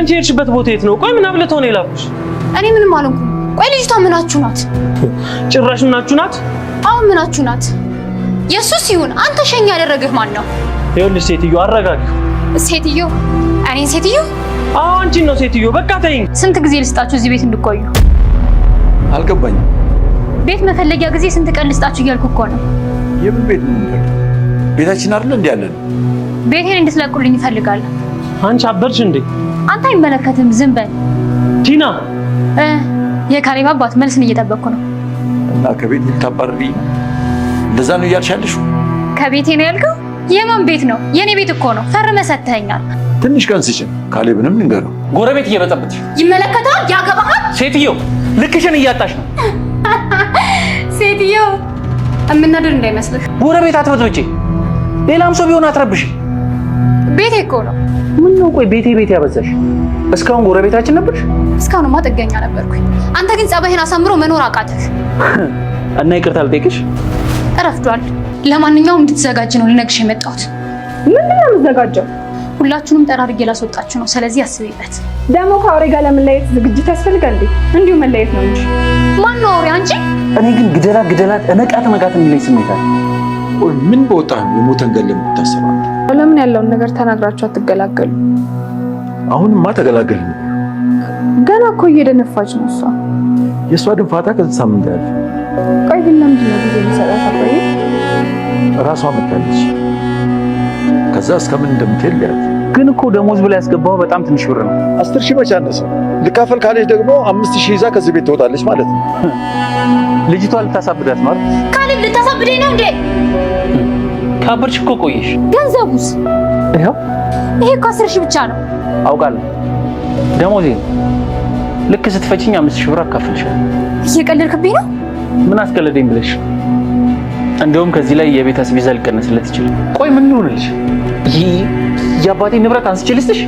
አንቺ የሄድሽበት ቦታ የት ነው? ቆይ ምን አብለተው ነው የላኩሽ? እኔ ምንም አልንኩም። ቆይ ልጅቷ ምናችሁ ናት? ጭራሽ ምናችሁ ናት? አሁን ምናችሁ ናት? የሱስ ይሁን አንተ ሸኝ ያደረግህ ማን ነው? ይኸውልሽ ሴትዮ አረጋግ ሴትዮ? እኔን ሴትዮ? አዎ አንቺን ነው ሴትዮ። በቃ ተይኝ። ስንት ጊዜ ልስጣችሁ እዚህ ቤት እንድቆዩ? አልገባኝም። ቤት መፈለጊያ ጊዜ ስንት ቀን ልስጣችሁ እያልኩ እኮ ነው። የምን ቤት ነው? ቤታችን አይደል እንዴ ያለን? ቤቴን እንድትለቁልኝ እፈልጋለሁ። አንቺ አበርሽ እንዴ? አንተ አይመለከትም፣ ዝም በል ቲና። የካሌብ አባት መልስን እየጠበቅኩ ነው። እና ከቤት ልታባርሪ እንደዛ ነው እያልሽ ያለሽው? ከቤቴ ነው ያልከው? የማን ቤት ነው? የኔ ቤት እኮ ነው። ፈርመህ ሰጥተኸኛል። ትንሽ ቀን ስጭን፣ ካሌብንም ልንገረው። ጎረቤት እየበጠበት ይመለከተዋል፣ ያገባሃል። ሴትዮ ልክሽን እያጣሽ ነው። ሴትዮ እምናደድ እንዳይመስልህ። ጎረቤት አትበጥብጪ፣ ሌላም ሰው ቢሆን አትረብሽ። ቤቴ እኮ ነው ነው? ቆይ ቤቴ ቤቴ ያበዛሽ። እስካሁን ጎረቤታችን ነበርሽ? እስካሁንማ ጥገኛ ነበርኩኝ። አንተ ግን ጸባይህን አሳምሮ መኖር አቃተህ እና ይቅርታ ልጠይቅሽ እረፍዷል። ለማንኛውም እንድትዘጋጅ ነው ልነግርሽ የመጣሁት። ምንድን ነው የምትዘጋጀው? ሁላችሁንም ጠራርጌ ላስወጣችሁ ነው። ስለዚህ አስቢበት ደግሞ ከአውሬ ጋር ለመለየት ዝግጅት ያስፈልጋል። እንዲሁ መለየት ነው እንጂ ነው አውሬ? አንቺ። እኔ ግን ግደላት፣ ግደላት፣ እነቃት፣ ነቃት የሚለኝ ስሜት አለ። ምን በወጣ የሞተን ገል የምታስባል ለምን ያለውን ነገር ተናግራችሁ አትገላገሉ? አሁንማ ተገላገል ነው። ገና እኮ እየደነፋች ነው እሷ። የእሷ ድንፋታ ከዚህ ሳምንት ያለ። ቆይ ግን ለምንድን ነው ጊዜ የሚሰጣት? ቆይ እራሷ መታለች። ከዛ እስከምን እንደምትሄድ ሊያት። ግን እኮ ደሞዝ ብላ ያስገባው በጣም ትንሽ ብር ነው። አስር ሺህ መቼ አነሰ? ልካፈል ካለች ደግሞ አምስት ሺህ ይዛ ከዚህ ቤት ትወጣለች ማለት ነው። ልጅቷ ልታሳብዳት ማለት ካሌብ፣ ልታሳብደኝ ነው እንዴ? ካበርሽ እኮ ቆየሽ። ገንዘቡስ? ይኸው ይሄ እኮ አስር ሺህ ብቻ ነው። አውቃለሁ፣ ደሞዜ ነው። ልክ ስትፈጭኝ አምስት ሺህ ብር አካፍልሻለሁ። እየቀለድክብኝ ነው። ምን አስቀለደኝ ብለሽ? እንደውም ከዚህ ላይ የቤት አስቤዛ ሊቀነስለት ይችላል። ቆይ ምን ይሆንልሽ? ይህ የአባቴ ንብረት አንስቼ ልስጥሽ?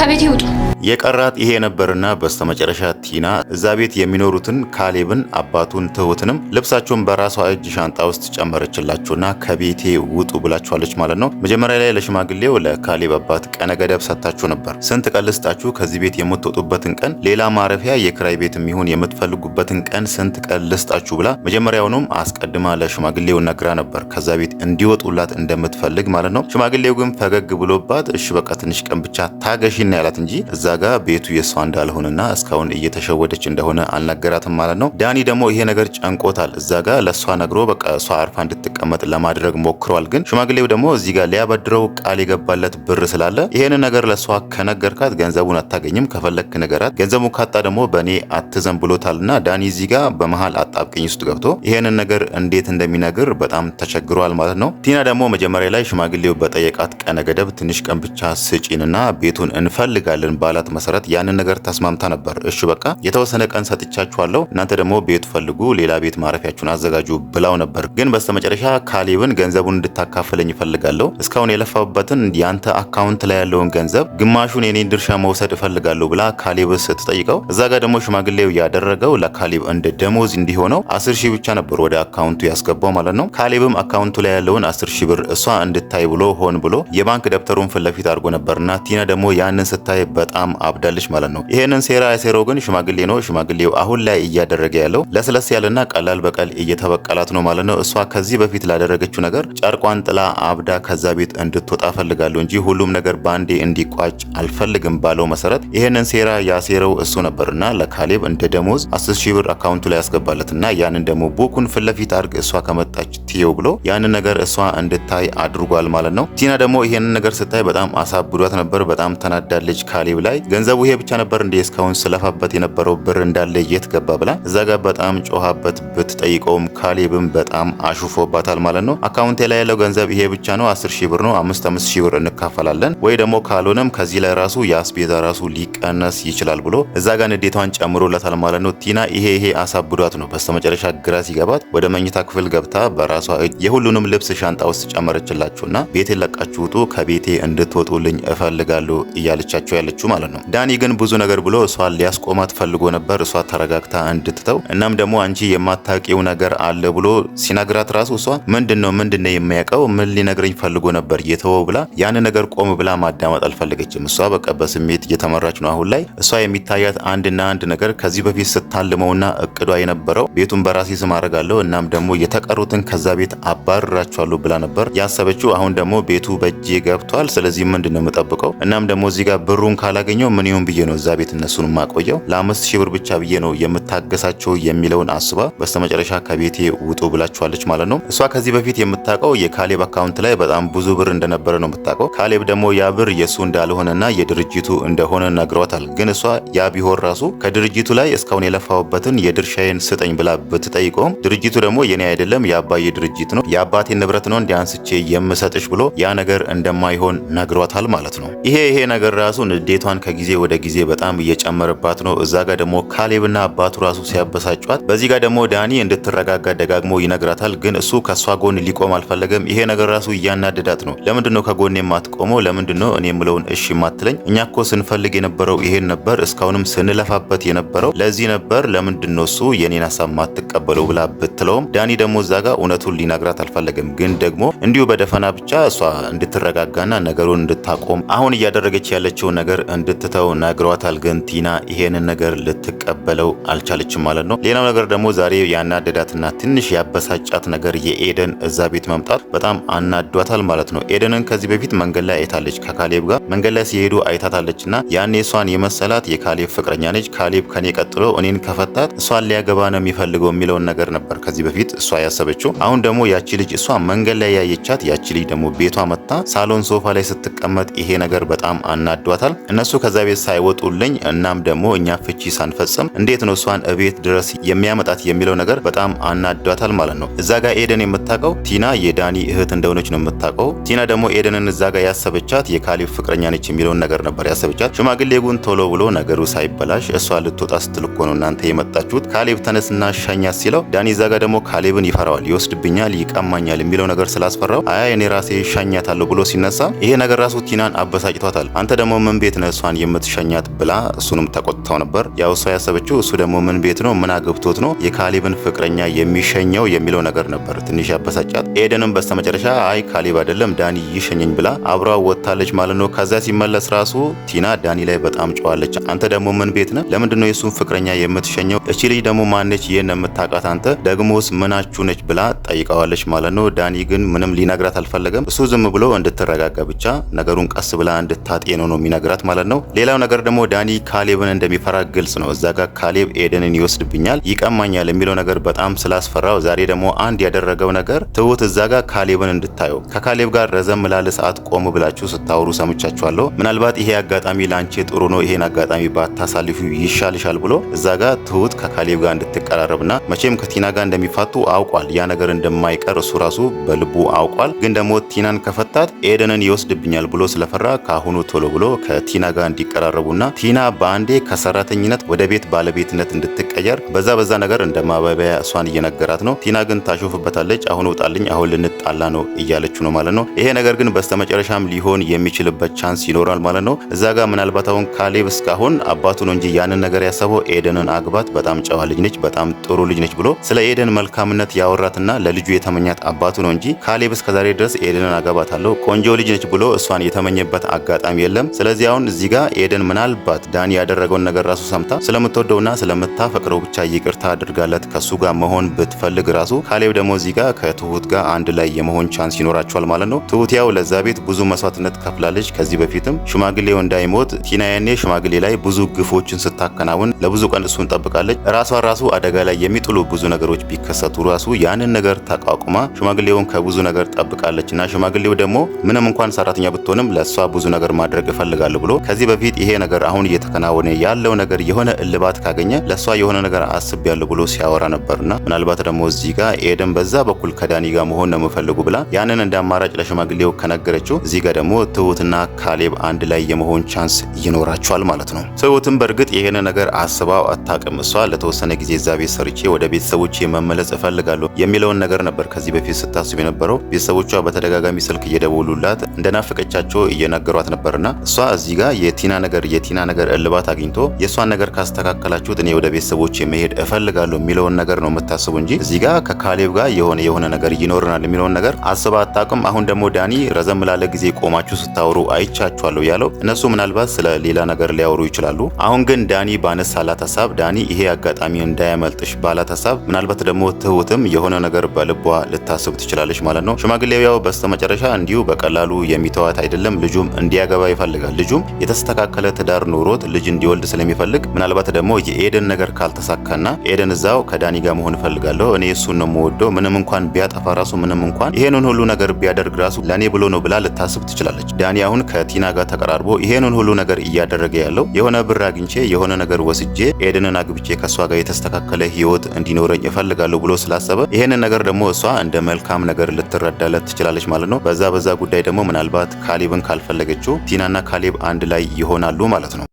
ከቤቴ ውጡ! የቀራት ይሄ ነበርና በስተመጨረሻ ቲና እዛ ቤት የሚኖሩትን ካሌብን፣ አባቱን፣ ትሁትንም ልብሳቸውን በራሷ እጅ ሻንጣ ውስጥ ጨመረችላቸውና ከቤቴ ውጡ ብላችኋለች ማለት ነው። መጀመሪያ ላይ ለሽማግሌው ለካሌብ አባት ቀነ ገደብ ሰጥታችሁ ነበር። ስንት ቀን ልስጣችሁ? ከዚህ ቤት የምትወጡበትን ቀን፣ ሌላ ማረፊያ የክራይ ቤት የሚሆን የምትፈልጉበትን ቀን ስንት ቀን ልስጣችሁ ብላ መጀመሪያውኑም አስቀድማ ለሽማግሌው ነግራ ነበር፣ ከዛ ቤት እንዲወጡላት እንደምትፈልግ ማለት ነው። ሽማግሌው ግን ፈገግ ብሎባት እሺ በቃ ትንሽ ቀን ብቻ ታገሺና ያላት እንጂ እዛ ጋር ቤቱ የእሷ እንዳልሆነና እስካሁን እየተሸወደች እንደሆነ አልነገራትም ማለት ነው። ዳኒ ደግሞ ይሄ ነገር ጨንቆታል። እዛ ጋር ለእሷ ነግሮ በቃ እሷ አርፋ እንድትቀመጥ ለማድረግ ሞክሯል። ግን ሽማግሌው ደግሞ እዚህ ጋር ሊያበድረው ቃል የገባለት ብር ስላለ ይሄን ነገር ለእሷ ከነገርካት ገንዘቡን አታገኝም፣ ከፈለክ ነገራት፣ ገንዘቡ ካጣ ደግሞ በእኔ አትዘን ብሎታልና ዳኒ እዚህ ጋር በመሀል አጣብቅኝ ውስጥ ገብቶ ይሄንን ነገር እንዴት እንደሚነግር በጣም ተቸግሯል ማለት ነው። ቲና ደግሞ መጀመሪያ ላይ ሽማግሌው በጠየቃት ቀነ ገደብ ትንሽ ቀን ብቻ ስጪንና ቤቱን እንፈልጋለን ባላት ጥረት መሰረት ያንን ነገር ተስማምታ ነበር። እሺ በቃ የተወሰነ ቀን ሰጥቻችኋለሁ፣ እናንተ ደግሞ ቤት ፈልጉ፣ ሌላ ቤት ማረፊያችሁን አዘጋጁ ብላው ነበር። ግን በስተመጨረሻ ካሌብን ገንዘቡን እንድታካፍለኝ ይፈልጋለሁ። እስካሁን የለፋበትን ያንተ አካውንት ላይ ያለውን ገንዘብ ግማሹን የኔን ድርሻ መውሰድ እፈልጋለሁ ብላ ካሌብ ስትጠይቀው እዛ ጋር ደግሞ ሽማግሌው ያደረገው ለካሌብ እንደ ደሞዝ እንዲሆነው አስር ሺህ ብቻ ነበር ወደ አካውንቱ ያስገባው ማለት ነው። ካሌብም አካውንቱ ላይ ያለውን አስር ሺህ ብር እሷ እንድታይ ብሎ ሆን ብሎ የባንክ ደብተሩን ፊት ለፊት አድርጎ ነበርና ቲና ደግሞ ያንን ስታይ በጣም በጣም አብዳለች ማለት ነው። ይሄንን ሴራ የሴረው ግን ሽማግሌ ነው። ሽማግሌው አሁን ላይ እያደረገ ያለው ለስለስ ያለና ቀላል በቀል እየተበቀላት ነው ማለት ነው። እሷ ከዚህ በፊት ላደረገችው ነገር ጨርቋን ጥላ አብዳ ከዛ ቤት እንድትወጣ ፈልጋለሁ እንጂ ሁሉም ነገር ባንዴ እንዲቋጭ አልፈልግም ባለው መሰረት ይሄንን ሴራ ያሴረው እሱ ነበርና ለካሌብ እንደ ደሞዝ አስር ሺህ ብር አካውንቱ ላይ ያስገባለትና ያንን ደግሞ ቡኩን ፊት ለፊት አድርግ እሷ ከመጣች ትየው ብሎ ያንን ነገር እሷ እንድታይ አድርጓል ማለት ነው። ቲና ደግሞ ይሄንን ነገር ስታይ በጣም አሳብዷት ነበር። በጣም ተናዳለች ካሌብ ላይ ገንዘቡ ይሄ ብቻ ነበር እንዴ እስካሁን ስለፋበት የነበረው ብር እንዳለ የት ገባ ብላ እዛ ጋር በጣም ጮሃበት ብትጠይቀውም ካሌብም በጣም አሹፎባታል ማለት ነው። አካውንቴ ላይ ያለው ገንዘብ ይሄ ብቻ ነው፣ አስር ሺህ ብር ነው፣ አምስት 5 ሺህ ብር እንካፈላለን ወይ ደግሞ ካልሆነም ከዚህ ላይ ራሱ የአስቤዛ ራሱ ሊቀነስ ይችላል ብሎ እዛ ጋር ንዴቷን ጨምሮላታል ማለት ነው። ቲና ይሄ ይሄ አሳብዷት ነው። በስተመጨረሻ ግራ ሲገባት ወደ መኝታ ክፍል ገብታ በራሷ እጅ የሁሉንም ልብስ ሻንጣ ውስጥ ጨመረችላችሁና ቤቴ ለቃችሁ ውጡ፣ ከቤቴ እንድትወጡልኝ እፈልጋለሁ እያለቻቸው ያለችው ማለት ነው። ነው። ዳኒ ግን ብዙ ነገር ብሎ እሷን ሊያስቆማት ፈልጎ ነበር፣ እሷ ተረጋግታ እንድትተው እናም ደግሞ አንቺ የማታውቂው ነገር አለ ብሎ ሲነግራት ራሱ እሷ ምንድን ነው ምንድን ነው የሚያውቀው ምን ሊነግረኝ ፈልጎ ነበር የተወው ብላ ያን ነገር ቆም ብላ ማዳመጥ አልፈለገችም። እሷ በቃ በስሜት እየተመራች ነው። አሁን ላይ እሷ የሚታያት አንድና አንድ ነገር ከዚህ በፊት ስታልመውና እቅዷ የነበረው ቤቱን በራሴ ስም አደርጋለሁ እናም ደግሞ የተቀሩትን ከዛ ቤት አባርራቸዋለሁ ብላ ነበር ያሰበችው። አሁን ደግሞ ቤቱ በእጄ ገብቷል፣ ስለዚህ ምንድን ነው የምጠብቀው እናም ደግሞ እዚህ ጋር ብሩን ካላገኘ ለማንኛው ምን ይሁን ብዬ ነው እዛ ቤት እነሱን ማቆየው ለአምስት ሺህ ብር ብቻ ብዬ ነው የምታገሳቸው የሚለውን አስባ በስተመጨረሻ ከቤቴ ውጡ ብላችኋለች ማለት ነው። እሷ ከዚህ በፊት የምታውቀው የካሌብ አካውንት ላይ በጣም ብዙ ብር እንደነበረ ነው የምታውቀው። ካሌብ ደግሞ ያ ብር የእሱ እንዳልሆነና የድርጅቱ እንደሆነ ነግሯታል። ግን እሷ ያ ቢሆን ራሱ ከድርጅቱ ላይ እስካሁን የለፋውበትን የድርሻዬን ስጠኝ ብላ ብትጠይቀውም ድርጅቱ ደግሞ የኔ አይደለም የአባዬ ድርጅት ነው የአባቴ ንብረት ነው እንዲያንስቼ የምሰጥሽ ብሎ ያ ነገር እንደማይሆን ነግሯታል ማለት ነው። ይሄ ይሄ ነገር ራሱ ንዴቷን ከጊዜ ወደ ጊዜ በጣም እየጨመረባት ነው። እዛ ጋር ደግሞ ካሌብና አባቱ ራሱ ሲያበሳጫት፣ በዚህ ጋር ደግሞ ዳኒ እንድትረጋጋ ደጋግሞ ይነግራታል። ግን እሱ ከእሷ ጎን ሊቆም አልፈለገም። ይሄ ነገር ራሱ እያናደዳት ነው። ለምንድን ነው ከጎን የማትቆመው? ለምንድን ነው እኔ የምለውን እሺ ማትለኝ? እኛ እኮ ስንፈልግ የነበረው ይሄን ነበር፣ እስካሁንም ስንለፋበት የነበረው ለዚህ ነበር። ለምንድን ነው እሱ የኔን ሀሳብ ማትቀበለው? ብላ ብትለውም ዳኒ ደግሞ እዛ ጋር እውነቱን ሊነግራት አልፈለገም። ግን ደግሞ እንዲሁ በደፈና ብቻ እሷ እንድትረጋጋና ነገሩን እንድታቆም አሁን እያደረገች ያለችውን ነገር እንድ እንድትተው ነግሯታል። ግን ቲና ይሄንን ነገር ልትቀበለው አልቻለችም ማለት ነው። ሌላው ነገር ደግሞ ዛሬ ያናደዳትና ትንሽ ያበሳጫት ነገር የኤደን እዛ ቤት መምጣት በጣም አናዷታል ማለት ነው። ኤደንን ከዚህ በፊት መንገድ ላይ አይታለች። ከካሌብ ጋር መንገድ ላይ ሲሄዱ አይታታለች እና ያኔ እሷን የመሰላት የካሌብ ፍቅረኛ ነች፣ ካሌብ ከኔ ቀጥሎ እኔን ከፈታት እሷን ሊያገባ ነው የሚፈልገው የሚለውን ነገር ነበር ከዚህ በፊት እሷ ያሰበችው። አሁን ደግሞ ያቺ ልጅ እሷ መንገድ ላይ ያየቻት ያቺ ልጅ ደግሞ ቤቷ መጥታ ሳሎን ሶፋ ላይ ስትቀመጥ ይሄ ነገር በጣም አናዷታል። እነሱ ከዛ ቤት ሳይወጡልኝ እናም ደግሞ እኛ ፍቺ ሳንፈጽም እንዴት ነው እሷን እቤት ድረስ የሚያመጣት የሚለው ነገር በጣም አናዷታል ማለት ነው። እዛ ጋር ኤደን የምታውቀው ቲና የዳኒ እህት እንደሆነች ነው የምታውቀው። ቲና ደግሞ ኤደንን እዛ ጋር ያሰበቻት የካሊብ ፍቅረኛ ነች የሚለውን ነገር ነበር ያሰበቻት። ሽማግሌ ጉን ቶሎ ብሎ ነገሩ ሳይበላሽ እሷ ልትወጣ ስትል እኮ ነው እናንተ የመጣችሁት፣ ካሊብ ተነስና ሻኛ ሲለው ዳኒ እዛ ጋር ደግሞ ካሊብን ይፈራዋል፣ ይወስድብኛል፣ ይቀማኛል የሚለው ነገር ስላስፈራው አያ እኔ ራሴ ሻኛታለሁ ብሎ ሲነሳ ይሄ ነገር ራሱ ቲናን አበሳጭቷታል። አንተ ደግሞ ምን ቤት ነህ እሷ ልጇን የምትሸኛት ብላ እሱንም ተቆጥተው ነበር። ያው እሷ ያሰበችው እሱ ደግሞ ምን ቤት ነው ምን አግብቶት ነው የካሊብን ፍቅረኛ የሚሸኘው የሚለው ነገር ነበር ትንሽ ያበሳጫት። ኤደንም በስተመጨረሻ አይ ካሊብ አይደለም ዳኒ ይሸኘኝ ብላ አብራ ወጥታለች ማለት ነው። ከዛ ሲመለስ ራሱ ቲና ዳኒ ላይ በጣም ጨዋለች። አንተ ደግሞ ምን ቤት ነህ? ለምንድነው ነው የእሱን ፍቅረኛ የምትሸኘው? እቺ ልጅ ደግሞ ማነች? ይህን የምታውቃት አንተ ደግሞስ ምናችሁ ነች ብላ ጠይቀዋለች ማለት ነው። ዳኒ ግን ምንም ሊነግራት አልፈለገም። እሱ ዝም ብሎ እንድትረጋጋ ብቻ ነገሩን ቀስ ብላ እንድታጤነው ነው የሚነግራት ማለት ነው። ሌላው ነገር ደግሞ ዳኒ ካሌብን እንደሚፈራ ግልጽ ነው። እዛ ጋር ካሌብ ኤደንን ይወስድብኛል፣ ይቀማኛል የሚለው ነገር በጣም ስላስፈራው ዛሬ ደግሞ አንድ ያደረገው ነገር ትሁት እዛ ጋር ካሌብን እንድታየው ከካሌብ ጋር ረዘም ላለ ሰዓት ቆም ብላችሁ ስታወሩ ሰምቻችኋለሁ። ምናልባት ይሄ አጋጣሚ ለአንቺ ጥሩ ነው፣ ይሄን አጋጣሚ ባታሳልፊ ይሻልሻል ብሎ እዛ ጋር ትሁት ከካሌብ ጋር እንድትቀራረብና መቼም ከቲና ጋር እንደሚፋቱ አውቋል። ያ ነገር እንደማይቀር እሱ ራሱ በልቡ አውቋል። ግን ደግሞ ቲናን ከፈታት ኤደንን ይወስድብኛል ብሎ ስለፈራ ከአሁኑ ቶሎ ብሎ ከቲና ጋር እንዲቀራረቡና ቲና በአንዴ ከሰራተኝነት ወደ ቤት ባለቤትነት እንድትቀየር በዛ በዛ ነገር እንደ ማባቢያ እሷን እየነገራት ነው። ቲና ግን ታሾፍበታለች። አሁን ውጣልኝ፣ አሁን ልንጣላ ነው እያለችው ነው ማለት ነው። ይሄ ነገር ግን በስተመጨረሻም ሊሆን የሚችልበት ቻንስ ይኖራል ማለት ነው። እዛ ጋር ምናልባት አሁን ካሌብ እስካሁን አባቱ ነው እንጂ ያንን ነገር ያሰበው ኤደንን አግባት፣ በጣም ጨዋ ልጅ ነች፣ በጣም ጥሩ ልጅ ነች ብሎ ስለ ኤደን መልካምነት ያወራትና ለልጁ የተመኛት አባቱ ነው እንጂ ካሌብ እስከዛሬ ድረስ ኤደንን አገባታለሁ ቆንጆ ልጅ ነች ብሎ እሷን የተመኘበት አጋጣሚ የለም። ስለዚህ አሁን እዚህ ጋር ኤደን ምናልባት ዳኒ ያደረገውን ነገር ራሱ ሰምታ ስለምትወደውና ስለምታፈቅረው ብቻ ይቅርታ አድርጋለት ከሱ ጋር መሆን ብትፈልግ ራሱ ካሌብ ደግሞ እዚህ ጋር ከትሁት ጋር አንድ ላይ የመሆን ቻንስ ይኖራቸዋል ማለት ነው። ትሁት ያው ለዛ ቤት ብዙ መስዋዕትነት ከፍላለች። ከዚህ በፊትም ሽማግሌው እንዳይሞት ቲናያኔ ሽማግሌ ላይ ብዙ ግፎችን ስታከናውን ለብዙ ቀን እሱን ጠብቃለች። ራሷን ራሱ አደጋ ላይ የሚጥሉ ብዙ ነገሮች ቢከሰቱ ራሱ ያንን ነገር ተቋቁማ ሽማግሌውን ከብዙ ነገር ጠብቃለች እና ሽማግሌው ደግሞ ምንም እንኳን ሰራተኛ ብትሆንም ለእሷ ብዙ ነገር ማድረግ እፈልጋለሁ ብሎ ከዚህ በፊት ይሄ ነገር አሁን እየተከናወነ ያለው ነገር የሆነ እልባት ካገኘ ለእሷ የሆነ ነገር አስብ ያለው ብሎ ሲያወራ ነበርና ምናልባት ደግሞ እዚህ ጋር ኤደን በዛ በኩል ከዳኒ ጋር መሆን ነው የምፈልጉ ብላ ያንን እንደ አማራጭ ለሽማግሌው ከነገረችው እዚህ ጋር ደግሞ ትሁትና ካሌብ አንድ ላይ የመሆን ቻንስ ይኖራቸዋል ማለት ነው። ትሁትም በእርግጥ ይሄን ነገር አስባው አታቅም። እሷ ለተወሰነ ጊዜ እዛ ቤት ሰርቼ ወደ ቤተሰቦቼ መመለስ እፈልጋለሁ የሚለውን ነገር ነበር ከዚህ በፊት ስታስብ የነበረው። ቤተሰቦቿ በተደጋጋሚ ስልክ እየደወሉላት እንደናፈቀቻቸው እየነገሯት ነበርና እሷ እዚህ ጋር የቲ የቲና ነገር የቲና ነገር እልባት አግኝቶ የእሷን ነገር ካስተካከላችሁት እኔ ወደ ቤተሰቦች መሄድ እፈልጋለሁ የሚለውን ነገር ነው የምታስቡ እንጂ እዚህ ጋር ከካሌብ ጋር የሆነ የሆነ ነገር ይኖረናል የሚለውን ነገር አስባ አታውቅም። አሁን ደግሞ ዳኒ ረዘም ላለ ጊዜ ቆማችሁ ስታወሩ አይቻችኋለሁ ያለው እነሱ ምናልባት ስለ ሌላ ነገር ሊያወሩ ይችላሉ። አሁን ግን ዳኒ ባነሳላት ሀሳብ ዳኒ ይሄ አጋጣሚ እንዳያመልጥሽ ባላት ሀሳብ ምናልባት ደግሞ ትሁትም የሆነ ነገር በልቧ ልታስብ ትችላለች ማለት ነው። ሽማግሌው ያው በስተመጨረሻ እንዲሁ በቀላሉ የሚተዋት አይደለም። ልጁም እንዲያገባ ይፈልጋል። ልጁም የተስተካከለ ትዳር ኑሮት ልጅ እንዲወልድ ስለሚፈልግ ምናልባት ደግሞ የኤደን ነገር ካልተሳካና ኤደን እዛው ከዳኒ ጋር መሆን እፈልጋለሁ እኔ እሱን ነው የምወደው ምንም እንኳን ቢያጠፋ ራሱ ምንም እንኳን ይሄንን ሁሉ ነገር ቢያደርግ ራሱ ለእኔ ብሎ ነው ብላ ልታስብ ትችላለች። ዳኒ አሁን ከቲና ጋር ተቀራርቦ ይሄንን ሁሉ ነገር እያደረገ ያለው የሆነ ብር አግኝቼ የሆነ ነገር ወስጄ ኤደንን አግብቼ ከእሷ ጋር የተስተካከለ ህይወት እንዲኖረኝ እፈልጋለሁ ብሎ ስላሰበ ይሄንን ነገር ደግሞ እሷ እንደ መልካም ነገር ልትረዳለት ትችላለች ማለት ነው። በዛ በዛ ጉዳይ ደግሞ ምናልባት ካሌብን ካልፈለገችው ቲናና ካሌብ አንድ ላይ ይሆናሉ ማለት ነው።